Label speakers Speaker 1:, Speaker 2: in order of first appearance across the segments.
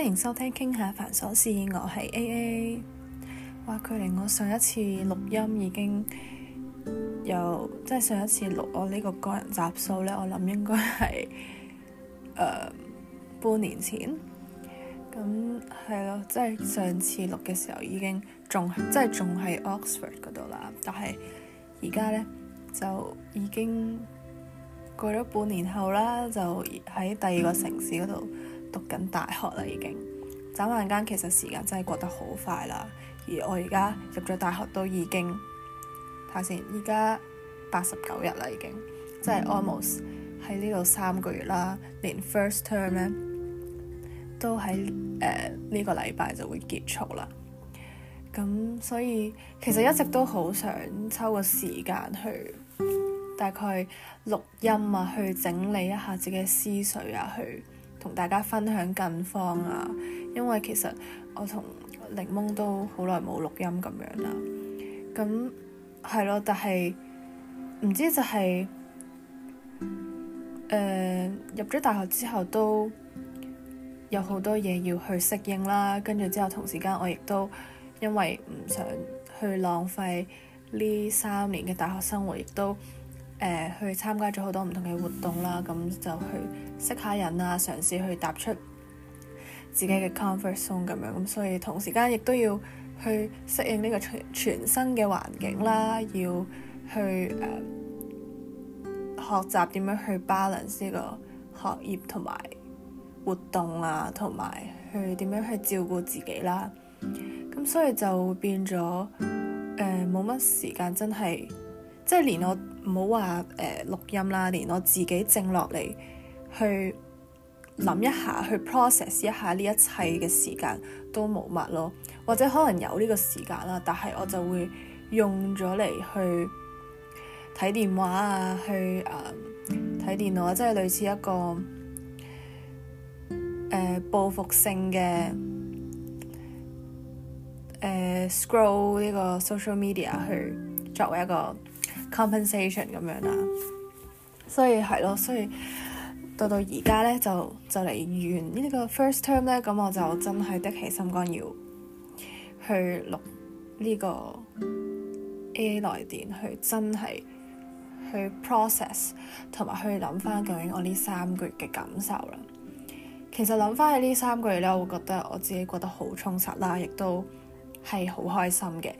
Speaker 1: 歡迎收聽，傾下繁瑣事。我係 AA。哇，距離我上一次錄音已經有，即係上一次錄我呢個個人集數咧，我諗應該係誒半年前。咁係咯，即係上次錄嘅時候已經仲，即係仲係 Oxford 嗰度啦。但係而家咧就已經過咗半年後啦，就喺第二個城市嗰度。讀緊大學啦，已經，眨眼間其實時間真係過得好快啦。而我而家入咗大學都已經，睇下先，而家八十九日啦，已經，即係 almost 喺呢度三個月啦。連 first term 咧，都喺誒呢個禮拜就會結束啦。咁所以其實一直都好想抽個時間去大概錄音啊，去整理一下自己嘅思緒啊，去。同大家分享近況啊，因為其實我同檸檬都好耐冇錄音咁樣啦，咁係咯，但係唔知就係誒入咗大學之後都有好多嘢要去適應啦，跟住之後同時間我亦都因為唔想去浪費呢三年嘅大學生活，亦都。誒去參加咗好多唔同嘅活動啦，咁就去識下人啊，嘗試去踏出自己嘅 comfort zone 咁樣，咁所以同時間亦都要去適應呢個全新嘅環境啦，要去誒、呃、學習點樣去 balance 呢個學業同埋活動啊，同埋去點樣去照顧自己啦，咁所以就變咗誒冇乜時間真係。即係連我唔好話誒錄音啦，連我自己靜落嚟去諗一下，去 process 一下呢一切嘅時間都冇乜咯。或者可能有呢個時間啦，但係我就會用咗嚟去睇電話啊，去誒睇、呃、電腦啊，即係類似一個誒、呃、報復性嘅誒、呃、scroll 呢個 social media 去作為一個。compensation 咁樣啦，所以係咯，所以到到而家咧就就嚟完呢個 first term 咧，咁我就真係的起心肝要去錄呢個 AA 來電，去真係去 process 同埋去諗翻究竟我呢三個月嘅感受啦。其實諗翻起呢三個月咧，我覺得我自己過得好充實啦，亦都係好開心嘅。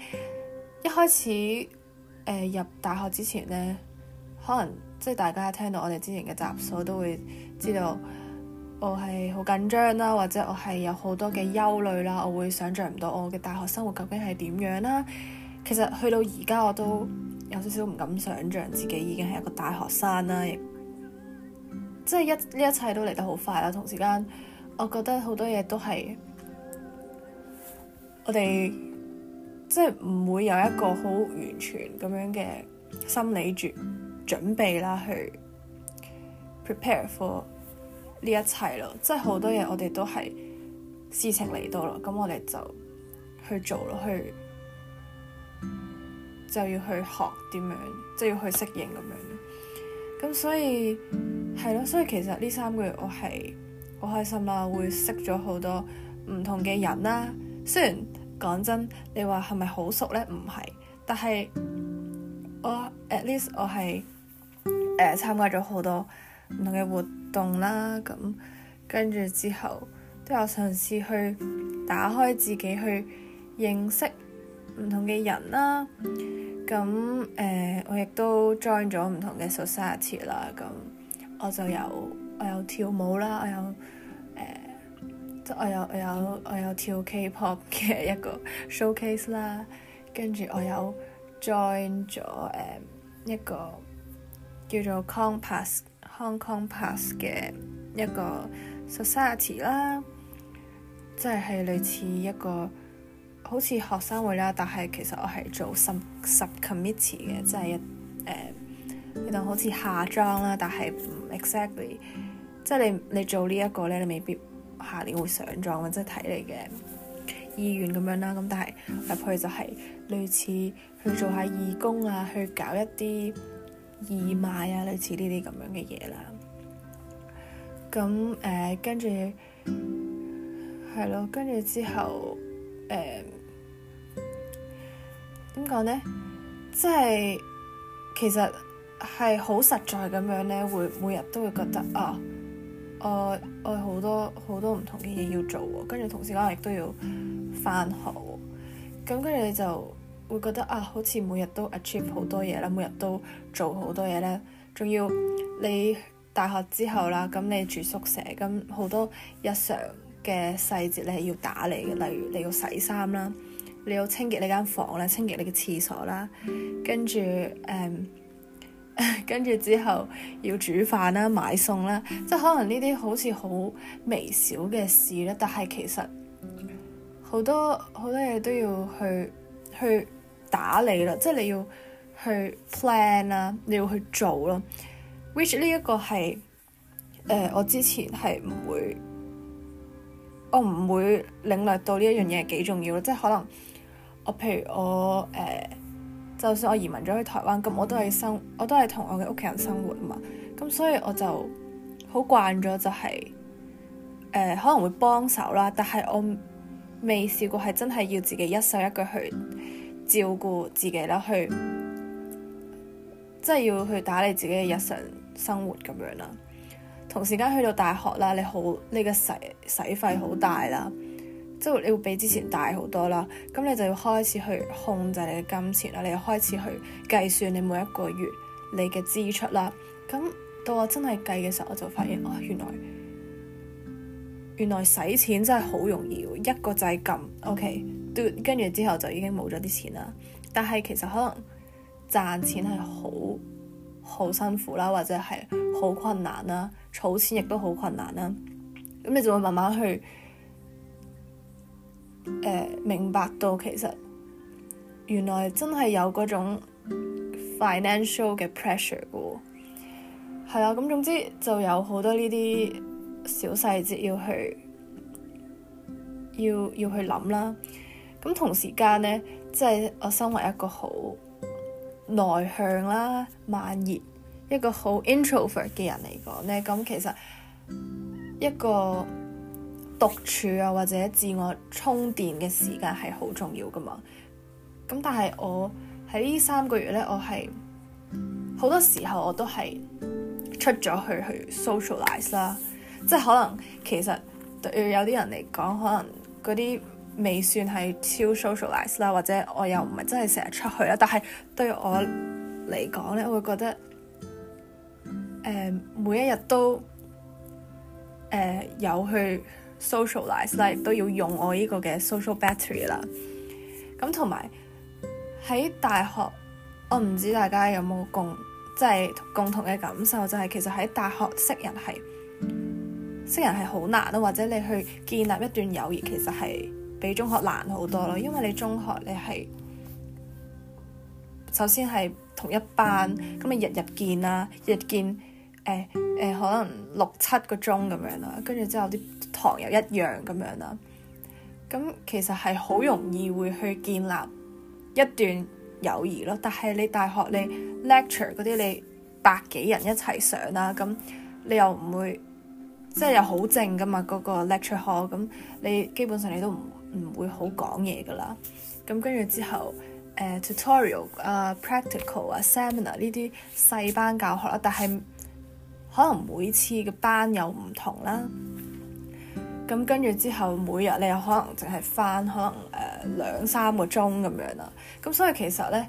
Speaker 1: 一開始。誒、呃、入大學之前咧，可能即係大家聽到我哋之前嘅集數，都會知道我係好緊張啦，或者我係有好多嘅憂慮啦，我會想像唔到我嘅大學生活究竟係點樣啦。其實去到而家我都有少少唔敢想像自己已經係一個大學生啦，即係一呢一,一切都嚟得好快啦，同時間我覺得好多嘢都係我哋。即係唔會有一個好完全咁樣嘅心理準準備啦，去 prepare for 呢一切咯。即係好多嘢，我哋都係事情嚟到咯，咁我哋就去做咯，去就要去學點樣，即係就要去適應咁樣。咁所以係咯，所以其實呢三個月我係好開心啦，會識咗好多唔同嘅人啦。雖然講真，你話係咪好熟呢？唔係，但係我 at least 我係誒、呃、參加咗好多唔同嘅活動啦。咁跟住之後，都有嘗試去打開自己去認識唔同嘅人啦。咁誒、呃，我亦都 join 咗唔同嘅 society 啦。咁我就有我有跳舞啦，我有。我有我有我有跳 K-pop 嘅一個 showcase 啦，跟住我有 join 咗誒、呃、一個叫做 Compass Hong Kong Compass 嘅一個 society 啦，即、就、係、是、類似一個好似學生會啦，但係其實我係做 sub sub committee 嘅，即係、mm hmm. 一誒、呃，你當好似下莊啦，但係唔 exactly，即係你你做呢一個咧，你未必。下年會上莊，即或者睇你嘅意願咁樣啦，咁但係入去就係類似去做下義工啊，去搞一啲義賣啊，類似呢啲咁樣嘅嘢啦。咁誒，跟住係咯，跟住之後誒點講咧？即係其實係好實在咁樣咧，會每日都會覺得啊～、哦呃、我我好多好多唔同嘅嘢要做喎，跟住同時間，亦都要返學喎。咁跟住你就會覺得啊，好似每日都 achieve 好多嘢啦，每日都做好多嘢啦。仲要你大學之後啦，咁你住宿舍，咁好多日常嘅細節你係要打理嘅，例如你要洗衫啦，你要清潔呢間房啦，清潔你嘅廁所啦，嗯、跟住誒。嗯跟住之後要煮飯啦，買餸啦，即係可能呢啲好似好微小嘅事啦，但係其實好多好多嘢都要去去打理啦，即係你要去 plan 啦，你要去做咯。Which 呢一個係誒，我之前係唔會，我唔會領略到呢一樣嘢係幾重要咯，即係可能我譬如我誒。呃就算我移民咗去台灣，咁我都係生，我都係同我嘅屋企人生活啊嘛。咁所以我就好慣咗、就係，就係誒可能會幫手啦，但係我未試過係真係要自己一手一腳去照顧自己啦，去即係、就係、要去打理自己嘅日常生活咁樣啦。同時間去到大學啦，你好呢、呢個使洗，洗費好大啦。即係你會比之前大好多啦，咁你就要開始去控制你嘅金錢啦，你就開始去計算你每一個月你嘅支出啦。咁到我真係計嘅時候，我就發現啊，原來原來使錢真係好容易喎，一個掣、嗯、就係撳 OK，跟住之後就已經冇咗啲錢啦。但係其實可能賺錢係好好辛苦啦，或者係好困難啦，儲錢亦都好困難啦。咁你就會慢慢去。呃、明白到其實原來真係有嗰種 financial 嘅 pressure 噶係啊。咁總之就有好多呢啲小細節要去要要去諗啦。咁、嗯、同時間呢，即係我身為一個好內向啦、慢熱一個好 introvert 嘅人嚟講呢。咁、嗯、其實一個。獨處啊，或者自我充電嘅時間係好重要㗎嘛。咁但係我喺呢三個月咧，我係好多時候我都係出咗去去 socialize 啦。即係可能其實對有啲人嚟講，可能嗰啲未算係超 socialize 啦，或者我又唔係真係成日出去啦。但係對我嚟講咧，我會覺得誒、呃、每一日都誒、呃、有去 socialize，那、like，亦都要用我呢個嘅 social battery 啦。咁同埋喺大學，我唔知大家有冇共即係、就是、共同嘅感受，就係、是、其實喺大學識人係識人係好難咯，或者你去建立一段友誼，其實係比中學難好多咯，因為你中學你係首先係同一班，咁你日日見啦，日見。日日見誒誒、欸，可能六七個鐘咁樣啦，跟住之後啲堂又一樣咁樣啦。咁其實係好容易會去建立一段友誼咯。但係你大學你 lecture 嗰啲，你百幾人一齊上啦，咁你又唔會即係又好靜噶嘛。嗰、嗰個 lecture hall，咁你基本上你都唔唔會好講嘢噶啦。咁跟住之後誒 tutorial 啊、practical、呃、啊、seminar 呢啲細班教學啦，但係。可能每次嘅班有唔同啦，咁跟住之後每日你又可能淨係翻可能誒、呃、兩三個鐘咁樣啦，咁所以其實咧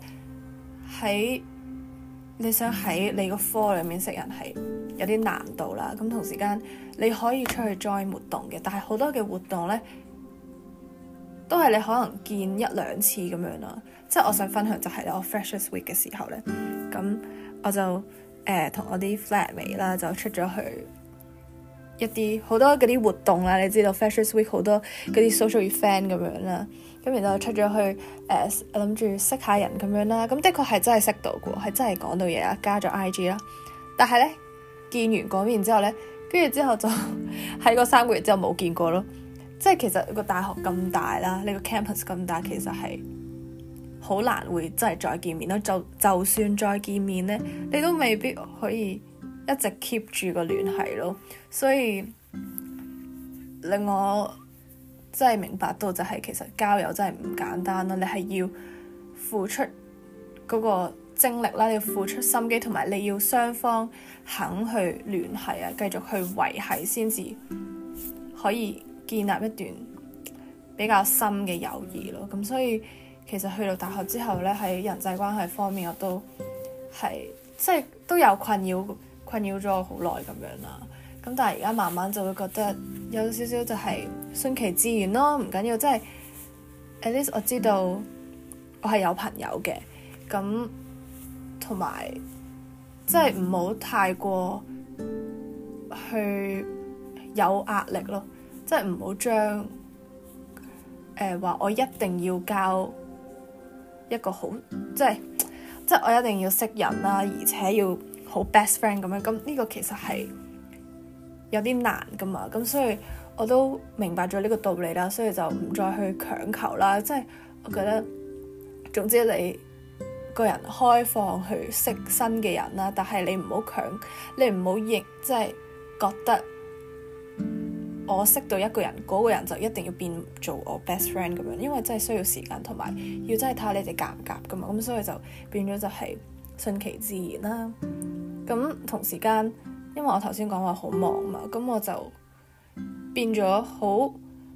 Speaker 1: 喺你想喺你個科裡面識人係有啲難度啦，咁同時間你可以出去 join 活動嘅，但係好多嘅活動咧都係你可能見一兩次咁樣啦。即係我想分享就係我 freshers week 嘅時候咧，咁我就。誒同、呃、我啲 flatmate 啦，就出咗去一啲好多嗰啲活動啦。你知道 Fashion Week 好多嗰啲 social event 咁樣啦，咁然後出咗去誒諗住識下人咁樣啦。咁的確係真係識到嘅，係真係講到嘢啊，加咗 IG 啦。但係咧見完嗰面之後咧，跟住之後就喺個 三個月之後冇見過咯。即係其實個大學咁大啦，呢個 campus 咁大，其實係。好難會真係再見面咯，就就算再見面咧，你都未必可以一直 keep 住個聯繫咯。所以令我真係明白到就係，其實交友真係唔簡單咯。你係要付出嗰個精力啦，你要付出心機，同埋你要雙方肯去聯繫啊，繼續去維繫先至可以建立一段比較深嘅友誼咯。咁所以。其實去到大學之後咧，喺人際關係方面我都係即係都有困擾，困擾咗我好耐咁樣啦。咁但係而家慢慢就會覺得有少少就係順其自然咯，唔緊要。即係 at least 我知道我係有朋友嘅，咁同埋即係唔好太過去有壓力咯，即係唔好將誒話、呃、我一定要交。一個好即係即係我一定要識人啦，而且要好 best friend 咁樣，咁呢個其實係有啲難噶嘛，咁所以我都明白咗呢個道理啦，所以就唔再去強求啦，即係我覺得總之你個人開放去識新嘅人啦，但係你唔好強，你唔好認，即係覺得。我識到一個人，嗰個人就一定要變做我 best friend 咁樣，因為真係需要時間同埋要真係睇下你哋夾唔夾噶嘛，咁所以就變咗就係順其自然啦。咁同時間，因為我頭先講話好忙嘛，咁我就變咗好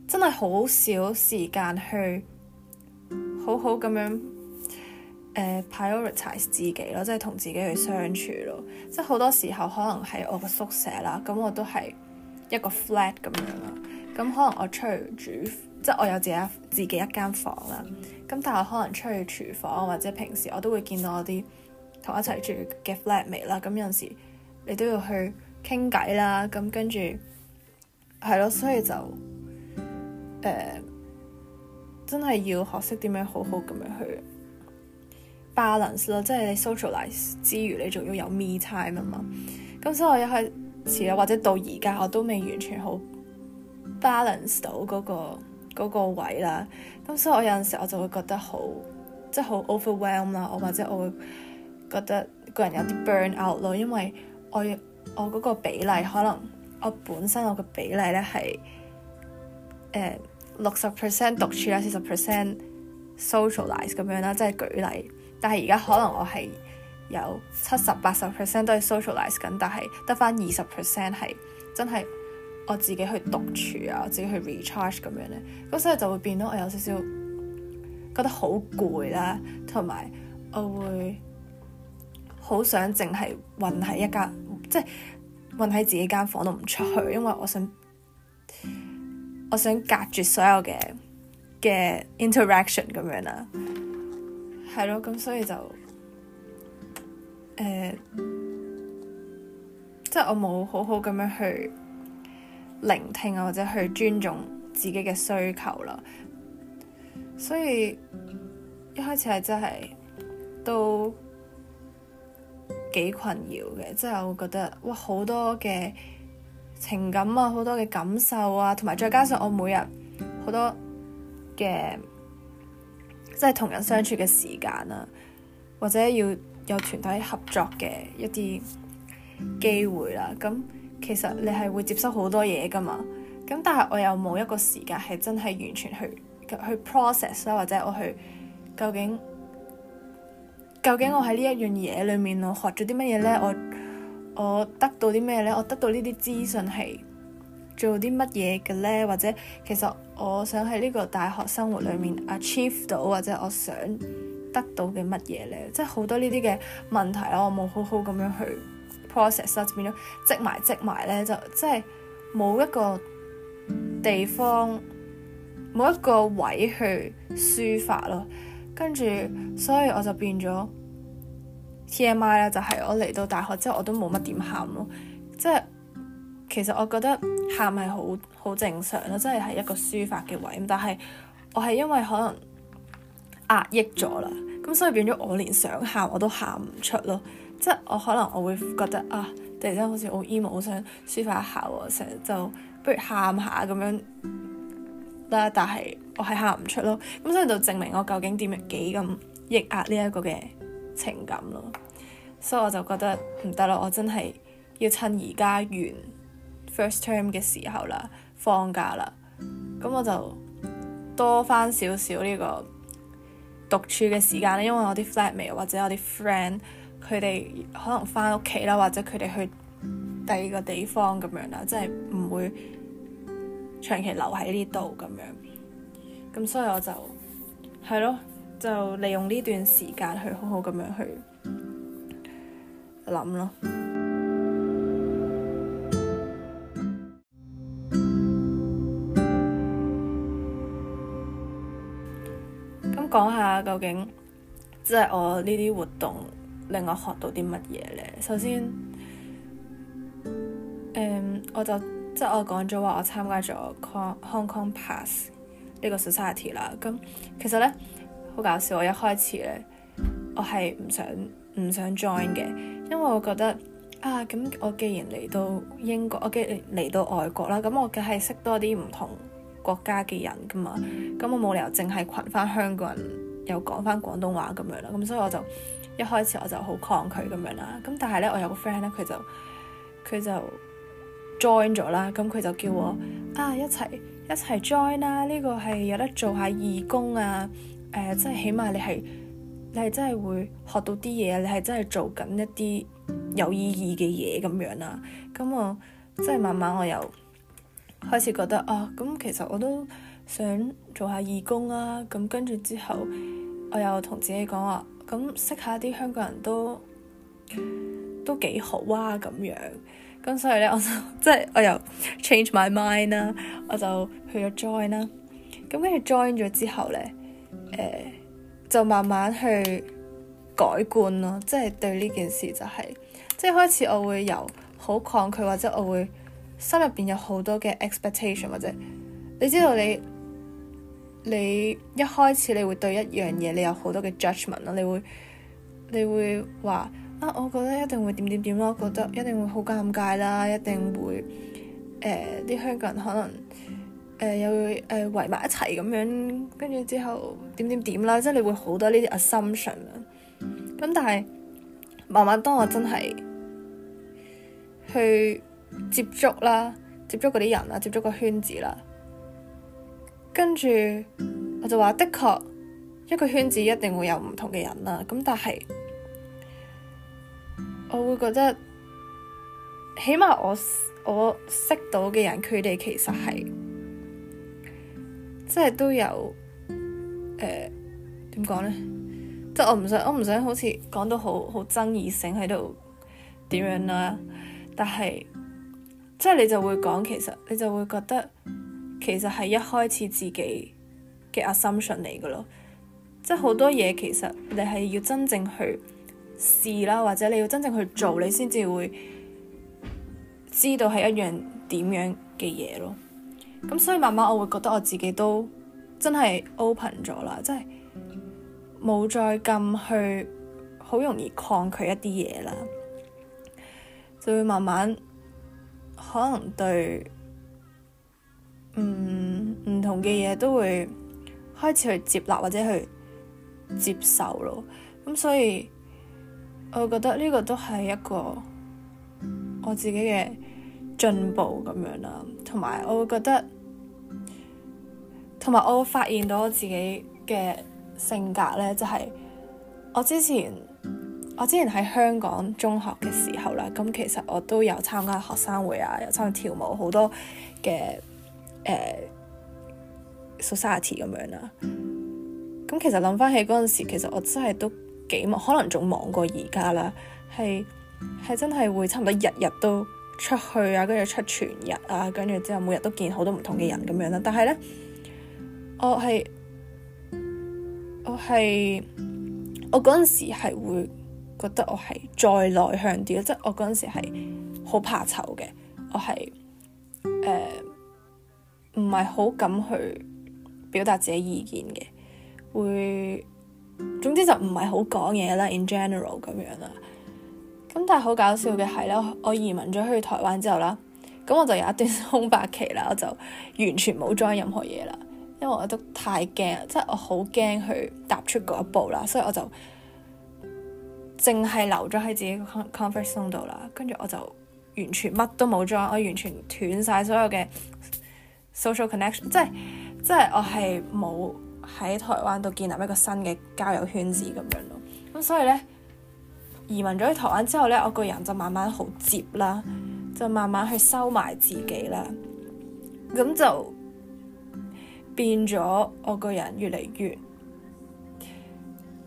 Speaker 1: 真係好少時間去好好咁樣誒、呃、prioritize 自己咯，即係同自己去相處咯。即係好多時候可能喺我個宿舍啦，咁我都係。一個 flat 咁樣啦，咁、嗯、可能我出去煮，即係我有自己自己一間房啦。咁、嗯、但係可能出去廚房或者平時我都會見到我啲同一齊住嘅 flatmate、嗯啦。咁、嗯、有陣時你都要去傾偈啦。咁、嗯、跟住係咯，所以就誒、呃、真係要學識點樣好好咁樣去 balance 咯、嗯，即係 你 socialize 之餘，你仲要有 me time 啊嘛。咁所以我一去。或者到而家我都未完全好 balance 到嗰個嗰個位啦，咁所以我有陣時我就會覺得好即係好 overwhelm 啦，我或者我會覺得個人有啲 burn out 咯，因為我我嗰個比例可能我本身我嘅比例咧係誒六十 percent 獨處啦，四十 percent socialize 咁樣啦，即係舉例，但係而家可能我係。有七十八十 percent 都係 socialize 緊，但係得翻二十 percent 係真係我自己去獨處啊，我自己去 recharge 咁樣咧。咁所以就會變到我有少少覺得好攰啦，同埋我會好想淨係困喺一間，即係困喺自己間房都唔出去，因為我想我想隔絕所有嘅嘅 interaction 咁樣啊。係咯，咁所以就。誒，uh, 即係我冇好好咁樣去聆聽啊，或者去尊重自己嘅需求啦。所以一開始係真係都幾困擾嘅，即係我覺得哇，好多嘅情感啊，好多嘅感受啊，同埋再加上我每日好多嘅即係同人相處嘅時間啊，或者要。有團體合作嘅一啲機會啦，咁其實你係會接收好多嘢㗎嘛，咁但係我又冇一個時間係真係完全去去 process 啦，或者我去究竟，究竟我喺呢一樣嘢裏面我學咗啲乜嘢呢？我我得到啲咩呢？我得到呢啲資訊係做啲乜嘢嘅呢？或者其實我想喺呢個大學生活裏面 achieve 到，或者我想。得到嘅乜嘢咧，即係好多呢啲嘅問題啦，我冇好好咁樣去 process 啦，變咗積埋積埋咧，就即係冇一個地方冇一個位去抒發咯，跟住所以我就變咗 TMI 啦，就係我嚟到大學之後我都冇乜點喊咯，即係其實我覺得喊係好好正常咯，即係係一個抒發嘅位，但係我係因為可能。壓抑咗啦，咁所以變咗我連想喊我都喊唔出咯。即係我可能我會覺得啊，突然之間好似好 emo，好想抒發一下喎。成日就不如喊下咁樣啦，但係我係喊唔出咯。咁所以就證明我究竟點樣幾咁抑壓呢一個嘅情感咯。所以我就覺得唔得咯，我真係要趁而家完 first term 嘅時候啦，放假啦，咁我就多翻少少呢個。獨處嘅時間咧，因為我啲 flatmate，或者我啲 friend 佢哋可能返屋企啦，或者佢哋去第二個地方咁樣啦，即係唔會長期留喺呢度咁樣。咁所以我就係咯，就利用呢段時間去好好咁樣去諗咯。講下究竟，即係我呢啲活動令我學到啲乜嘢咧？首先，誒、嗯，我就即係我講咗話，我參加咗 Hong Kong Pass 呢個 Society 啦。咁其實咧，好搞笑，我一開始咧，我係唔想唔想 join 嘅，因為我覺得啊，咁我既然嚟到英國，我既嚟到外國啦，咁我梗係識多啲唔同。國家嘅人㗎嘛，咁我冇理由淨係群翻香港人，又講翻廣東話咁樣啦，咁所以我就一開始我就好抗拒咁樣啦，咁但係咧我有個 friend 咧佢就佢就 join 咗啦，咁佢就叫我啊一齊一齊 join 啦，呢、這個係有得做下義工啊，誒、呃、即係起碼你係你係真係會學到啲嘢，你係真係做緊一啲有意義嘅嘢咁樣啦，咁我即係慢慢我又。開始覺得啊，咁、嗯、其實我都想做下義工啊，咁、嗯、跟住之後，我又同自己講話、啊，咁、嗯、識下啲香港人都都幾好啊，咁樣，咁、嗯、所以咧，我就即係我又 change my mind 啦、啊，我就去咗 join 啦、啊，咁跟住 join 咗之後咧，誒、呃、就慢慢去改觀咯，即係對呢件事就係、是，即係開始我會由好抗拒或者我會。心入邊有好多嘅 expectation，或者你知道你你一開始你會對一樣嘢你有好多嘅 judgment 咯，你會你會話啊，我覺得一定會點點點咯，我覺得一定會好尷尬啦，一定會誒啲、呃、香港人可能誒、呃、又會誒圍埋一齊咁樣，跟住之後點點點啦，即係你會好多呢啲 assumption 咁，但係慢慢當我真係去。接觸啦，接觸嗰啲人啦，接觸個圈子啦，跟住我就話的確一個圈子一定會有唔同嘅人啦，咁但係我會覺得起碼我我識到嘅人，佢哋其實係即係都有誒點講咧，即係我唔想我唔想好似講到好好爭議性喺度點樣啦，啊，但係。即係你就會講，其實你就會覺得，其實係一開始自己嘅 assumption 嚟嘅咯。即係好多嘢，其實你係要真正去試啦，或者你要真正去做，你先至會知道係一樣點樣嘅嘢咯。咁所以慢慢我會覺得我自己都真係 open 咗啦，即係冇再咁去好容易抗拒一啲嘢啦，就會慢慢。可能對唔同嘅嘢都會開始去接納或者去接受咯，咁所以我覺得呢個都係一個我自己嘅進步咁樣啦，同埋我會覺得，同埋我會發現到我自己嘅性格咧，就係我之前。我之前喺香港中學嘅時候啦，咁其實我都有參加學生會啊，有參加跳舞好多嘅、呃、society 咁樣啦。咁其實諗翻起嗰陣時，其實我真係都幾忙，可能仲忙過而家啦。係係真係會差唔多日日都出去啊，跟住出全日啊，跟住之後每日都見好多唔同嘅人咁樣啦。但係咧，我係我係我嗰陣時係會。覺得我係再內向啲，即係我嗰陣時係好怕醜嘅，我係誒唔係好敢去表達自己意見嘅，會總之就唔係好講嘢啦。In general 咁樣啦。咁但係好搞笑嘅係咧，我移民咗去台灣之後啦，咁我就有一段空白期啦，我就完全冇做任何嘢啦，因為我都太驚，即係我好驚去踏出嗰一步啦，所以我就。淨係留咗喺自己個 conference zone 度啦，跟住我就完全乜都冇裝，我完全斷晒所有嘅 social connection，即係即係我係冇喺台灣度建立一個新嘅交友圈子咁樣咯。咁所以呢，移民咗去台灣之後呢，我個人就慢慢好接啦，就慢慢去收埋自己啦，咁就變咗我個人越嚟越。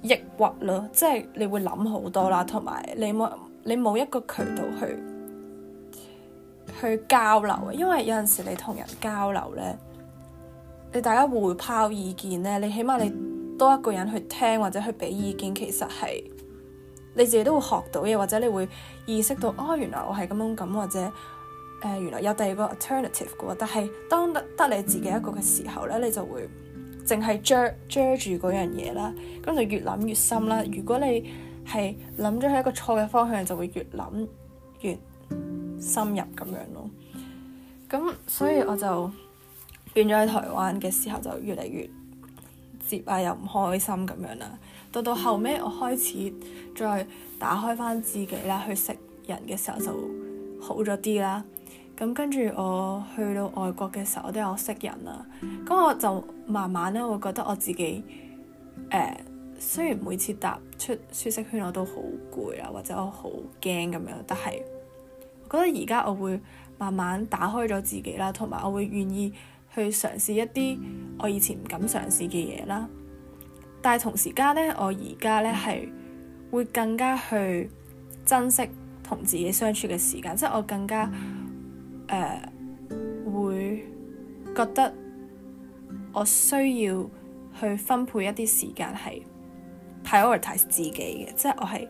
Speaker 1: 抑鬱咯，即係你會諗好多啦，同埋你冇你冇一個渠道去去交流，因為有陣時你同人交流咧，你大家回拋意見咧，你起碼你多一個人去聽或者去俾意見，其實係你自己都會學到嘢，或者你會意識到哦，原來我係咁樣咁，或者誒、呃、原來有第二個 alternative 嘅，但係當得得你自己一個嘅時候咧，你就會。淨係遮遮住嗰樣嘢啦，咁就越諗越深啦。如果你係諗咗佢一個錯嘅方向，就會越諗越深入咁樣咯。咁所以我就變咗喺台灣嘅時候就越嚟越接啊，又唔開心咁樣啦。到到後尾我開始再打開返自己啦，去識人嘅時候就好咗啲啦。咁跟住我去到外國嘅時候，我都有識人啦。咁我就慢慢咧會覺得我自己誒、呃，雖然每次踏出舒適圈我都好攰啊，或者我好驚咁樣，但係我覺得而家我會慢慢打開咗自己啦，同埋我會願意去嘗試一啲我以前唔敢嘗試嘅嘢啦。但係同時間呢，我而家呢係會更加去珍惜同自己相處嘅時間，即係我更加。誒、uh, 會覺得我需要去分配一啲時間係 prioritize 自己嘅，即係我係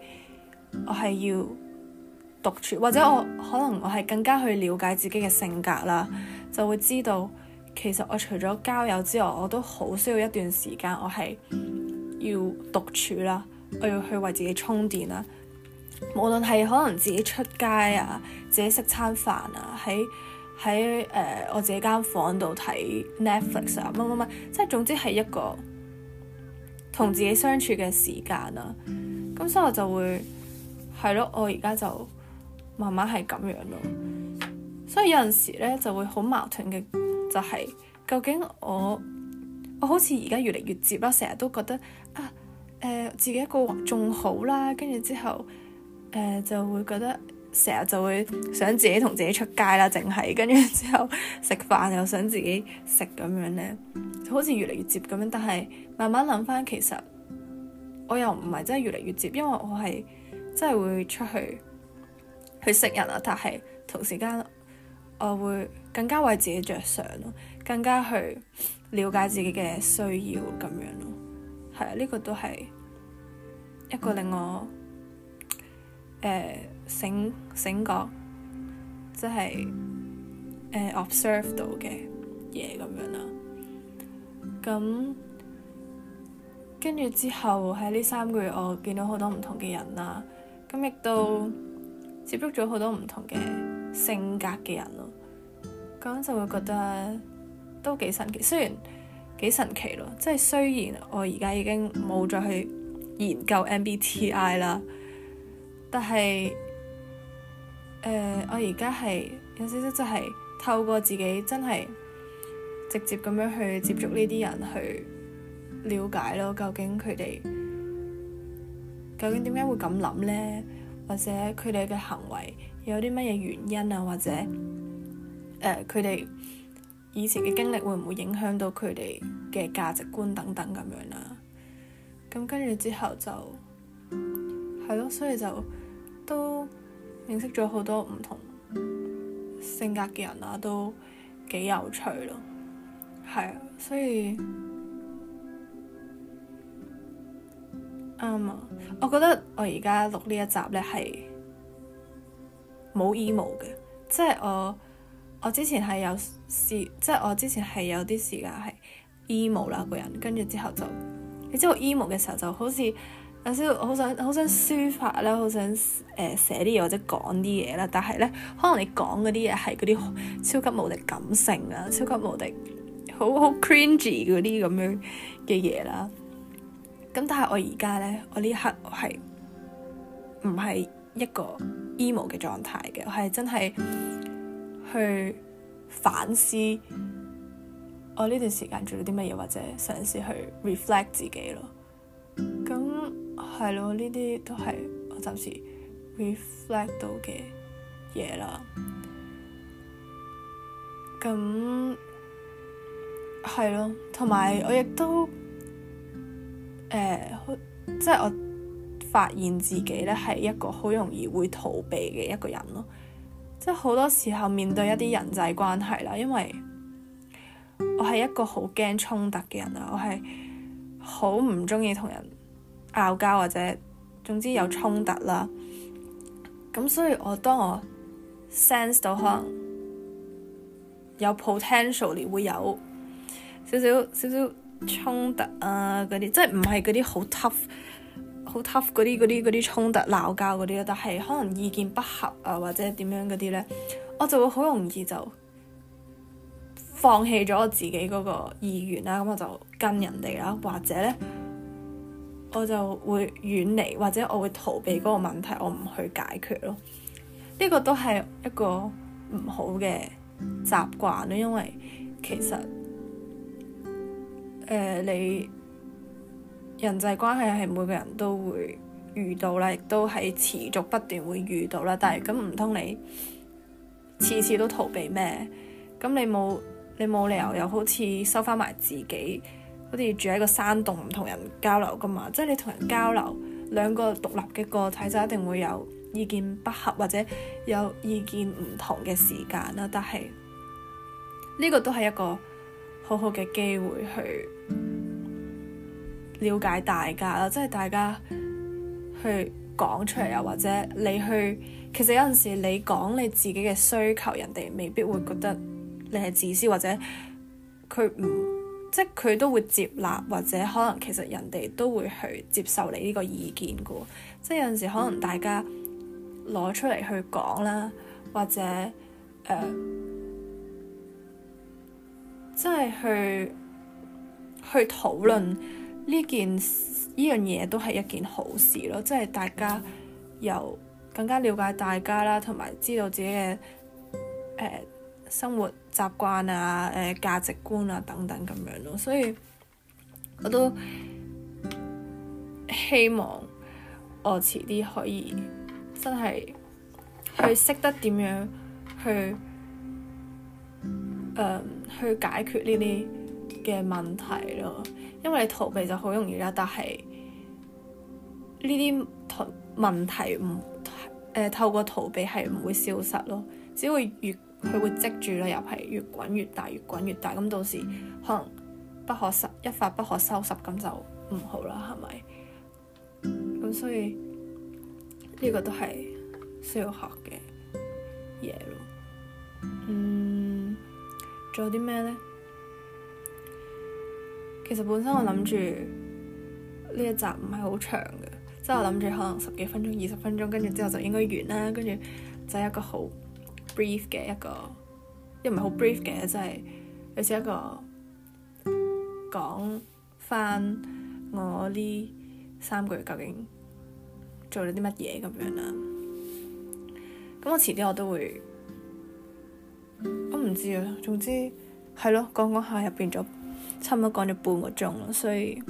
Speaker 1: 我係要獨處，或者我可能我係更加去了解自己嘅性格啦，就會知道其實我除咗交友之外，我都好需要一段時間，我係要獨處啦，我要去為自己充電啦。無論係可能自己出街啊，自己食餐飯啊，喺喺誒我自己間房度睇 Netflix 啊，乜乜乜，即係總之係一個同自己相處嘅時間啦、啊。咁所以我就會係咯，我而家就慢慢係咁樣咯。所以有陣時咧就會好矛盾嘅，就係、是、究竟我我好似而家越嚟越接啦，成日都覺得啊誒、呃、自己一個仲好啦，跟住之後。誒、呃，就會覺得成日就會想自己同自己出街啦，淨係跟住之後食飯又想自己食咁樣咧，好似越嚟越接咁樣。但係慢慢諗翻，其實我又唔係真係越嚟越接，因為我係真係會出去去識人啊，但係同時間我會更加為自己着想咯，更加去了解自己嘅需要咁樣咯。係啊，呢、這個都係一個令我。嗯誒、呃，醒醒覺，即係誒、呃、observe 到嘅嘢咁樣啦。咁跟住之後喺呢三個月，我見到好多唔同嘅人啦。咁亦都接觸咗好多唔同嘅性格嘅人咯。咁就會覺得都幾神奇，雖然幾神奇咯。即係雖然我而家已經冇再去研究 MBTI 啦。但係，誒、呃，我而家係有少少就係透過自己真係直接咁樣去接觸呢啲人去了解咯，究竟佢哋究竟點解會咁諗咧？或者佢哋嘅行為有啲乜嘢原因啊？或者誒，呃、佢哋以前嘅經歷會唔會影響到佢哋嘅價值觀等等咁樣啦、啊？咁跟住之後就係咯，所以就。都認識咗好多唔同性格嘅人啦，都幾有趣咯，係啊，所以啱啊、嗯！我覺得我而家錄呢一集咧係冇 emo 嘅，即係我我之前係有時，即係我之前係有啲時間係 emo 啦個人，跟住之後就你知道我 emo 嘅時候就好似。有時好想好想抒發啦，好想誒、呃、寫啲嘢或者講啲嘢啦，但係咧可能你講嗰啲嘢係嗰啲超級無敵感性啦，超級無敵好好 cringy 嗰啲咁樣嘅嘢啦。咁但係我而家咧，我呢刻係唔係一個 emo 嘅狀態嘅，我係真係去反思我呢段時間做咗啲乜嘢，或者嘗試去 reflect 自己咯。咁。係咯，呢啲都係我暫時 reflect 到嘅嘢啦。咁係咯，同埋我亦都誒、呃，即係我發現自己咧係一個好容易會逃避嘅一個人咯。即係好多時候面對一啲人際關係啦，因為我係一個好驚衝突嘅人啊，我係好唔中意同人。鬧交或者總之有衝突啦，咁所以我當我 sense 到可能有 potential 會有少少少少衝突啊嗰啲，即係唔係嗰啲好 tough 好 tough 嗰啲嗰啲嗰啲衝突鬧交嗰啲啦，但係可能意見不合啊或者點樣嗰啲咧，我就會好容易就放棄咗我自己嗰個意願啦，啊，咁我就跟人哋啦，或者咧。我就會遠離，或者我會逃避嗰個問題，我唔去解決咯。呢個都係一個唔好嘅習慣咯，因為其實誒，你人際關係係每個人都會遇到啦，亦都係持續不斷會遇到啦。但係咁唔通你次次都逃避咩？咁你冇，你冇理由又好似收翻埋自己。好似住喺一個山洞唔同人交流㗎嘛，即係你同人交流，兩個獨立嘅個體就一定會有意見不合或者有意見唔同嘅時間啦。但係呢個都係一個好好嘅機會去了解大家啦，即係大家去講出嚟又或者你去，其實有陣時你講你自己嘅需求，人哋未必會覺得你係自私或者佢唔。即佢都會接納，或者可能其實人哋都會去接受你呢個意見噶即係有陣時可能大家攞出嚟去講啦，或者誒、呃，即係去去討論呢件呢樣嘢都係一件好事咯即係大家又更加了解大家啦，同埋知道自己嘅誒。呃生活習慣啊、誒、呃、價值觀啊等等咁樣咯，所以我都希望我遲啲可以真係去識得點樣去誒、呃、去解決呢啲嘅問題咯，因為逃避就好容易啦，但係呢啲逃問題唔誒、呃、透過逃避係唔會消失咯，只會越佢會積住啦，又係越滾越大，越滾越大。咁到時可能不可收一發不可收拾，咁就唔好啦，係咪？咁所以呢、呢個都係需要學嘅嘢咯。嗯，仲有啲咩咧？其實本身我諗住呢一集唔係好長嘅，即係、嗯、我諗住可能十幾分鐘、二十分鐘，跟住之後就應該完啦，跟住就一個好 brief 嘅一個，又唔係好 brief 嘅，即係類似一個講翻我呢三個月究竟做咗啲乜嘢咁樣啦。咁我遲啲我都會，我唔知啊。總之係咯，講講下又變咗，差唔多講咗半個鐘啦。所以，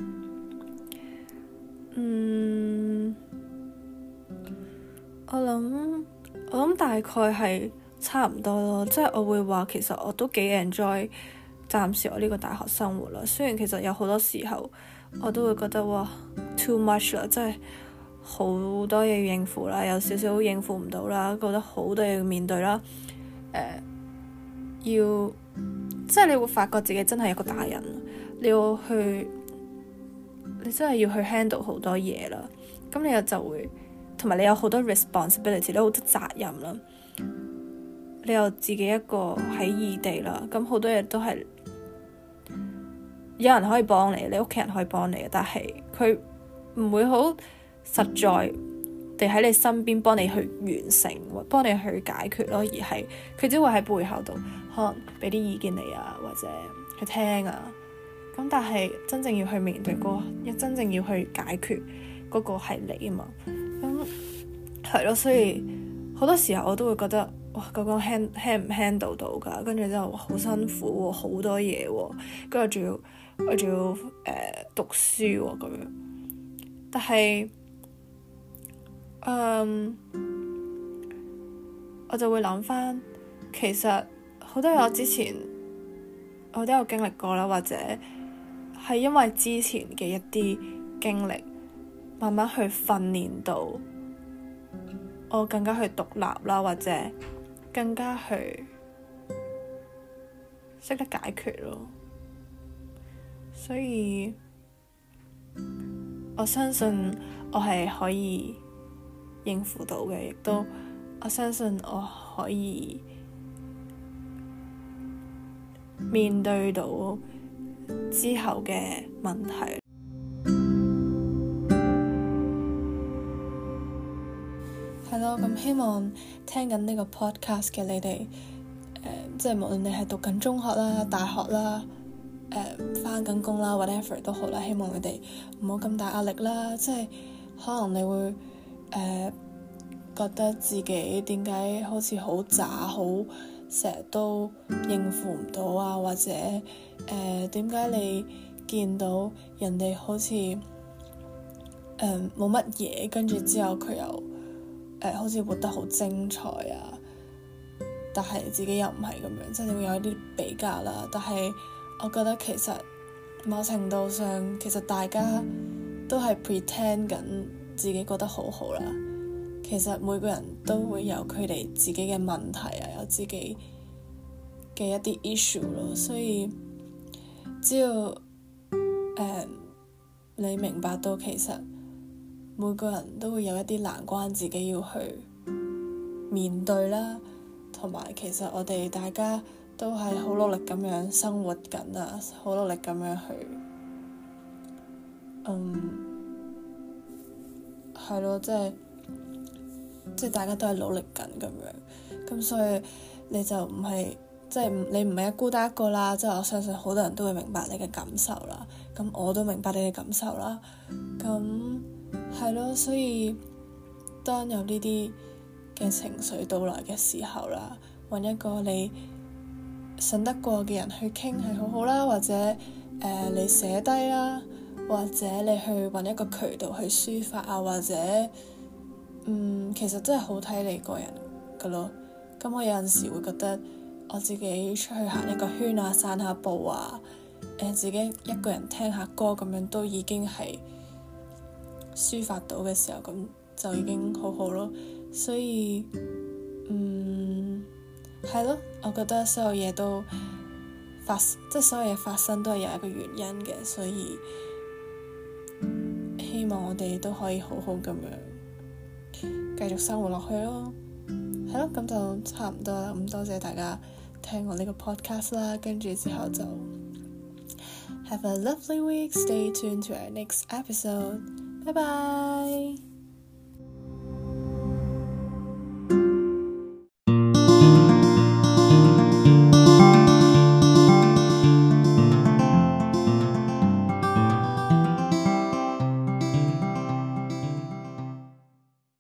Speaker 1: 嗯，我諗我諗大概係。差唔多咯，即係我會話其實我都幾 enjoy 暫時我呢個大學生活啦。雖然其實有好多時候我都會覺得哇，too much 啦，真係好多嘢要應付啦，有少少應付唔到啦，覺得好多嘢要面對啦。誒、呃，要即係你會發覺自己真係一個大人，你要去，你真係要去 handle 好多嘢啦。咁你又就會同埋你有好多 responsibility，你好多責任啦。你有自己一個喺異地啦，咁好多嘢都係有人可以幫你，你屋企人可以幫你，但係佢唔會好實在地喺你身邊幫你去完成或幫你去解決咯，而係佢只會喺背後度可能俾啲意見你啊，或者去聽啊。咁但係真正要去面對嗰個，要真正要去解決嗰個係你啊嘛。咁係咯，所以。好多時候我都會覺得哇，究竟 hand 唔 hand 到到㗎？跟住之後好辛苦喎，好多嘢喎，跟住仲要我仲要誒、呃、讀書喎，咁樣。但係，嗯，我就會諗翻，其實好多嘢我之前我都有經歷過啦，或者係因為之前嘅一啲經歷，慢慢去訓練到。我更加去獨立啦，或者更加去識得解決咯。所以我相信我係可以應付到嘅，亦都我相信我可以面對到之後嘅問題。咁、嗯、希望聽緊呢個 podcast 嘅你哋、呃，即係無論你係讀緊中學啦、大學啦、誒、呃，翻緊工啦，whatever 都好啦，希望你哋唔好咁大壓力啦，即係可能你會誒、呃、覺得自己點解好似好渣，好成日都應付唔到啊，或者誒、點解你見到人哋好似冇乜嘢，呃、跟住之後佢又。誒、呃、好似活得好精彩啊！但係自己又唔係咁樣，即係會有一啲比較啦。但係我覺得其實某程度上，其實大家都係 pretend 緊自己覺得好好啦。其實每個人都會有佢哋自己嘅問題啊，有自己嘅一啲 issue 咯。所以只要誒、呃、你明白到其實。每個人都會有一啲難關自己要去面對啦，同埋其實我哋大家都係好努力咁樣生活緊啊，好努力咁樣去，嗯，係咯，即係即係大家都係努力緊咁樣，咁所以你就唔係即係你唔係一孤單一個啦。即係我相信好多人都會明白你嘅感受啦，咁我都明白你嘅感受啦，咁。係咯，所以當有呢啲嘅情緒到來嘅時候啦，揾一個你信得過嘅人去傾係好好啦，或者誒、呃、你寫低啦，或者你去揾一個渠道去抒發啊，或者嗯其實真係好睇你個人噶咯。咁我有陣時會覺得我自己出去行一個圈啊，散下步啊，誒、呃、自己一個人聽下歌咁樣都已經係。抒發到嘅時候，咁就已經好好咯。所以，嗯，係咯，我覺得所有嘢都發生，即係所有嘢發生都係有一個原因嘅。所以，希望我哋都可以好好咁樣繼續生活落去咯。係咯，咁就差唔多啦。咁多謝大家聽我呢個 podcast 啦，跟住之後就 have a lovely week，stay tuned to our next episode。拜拜。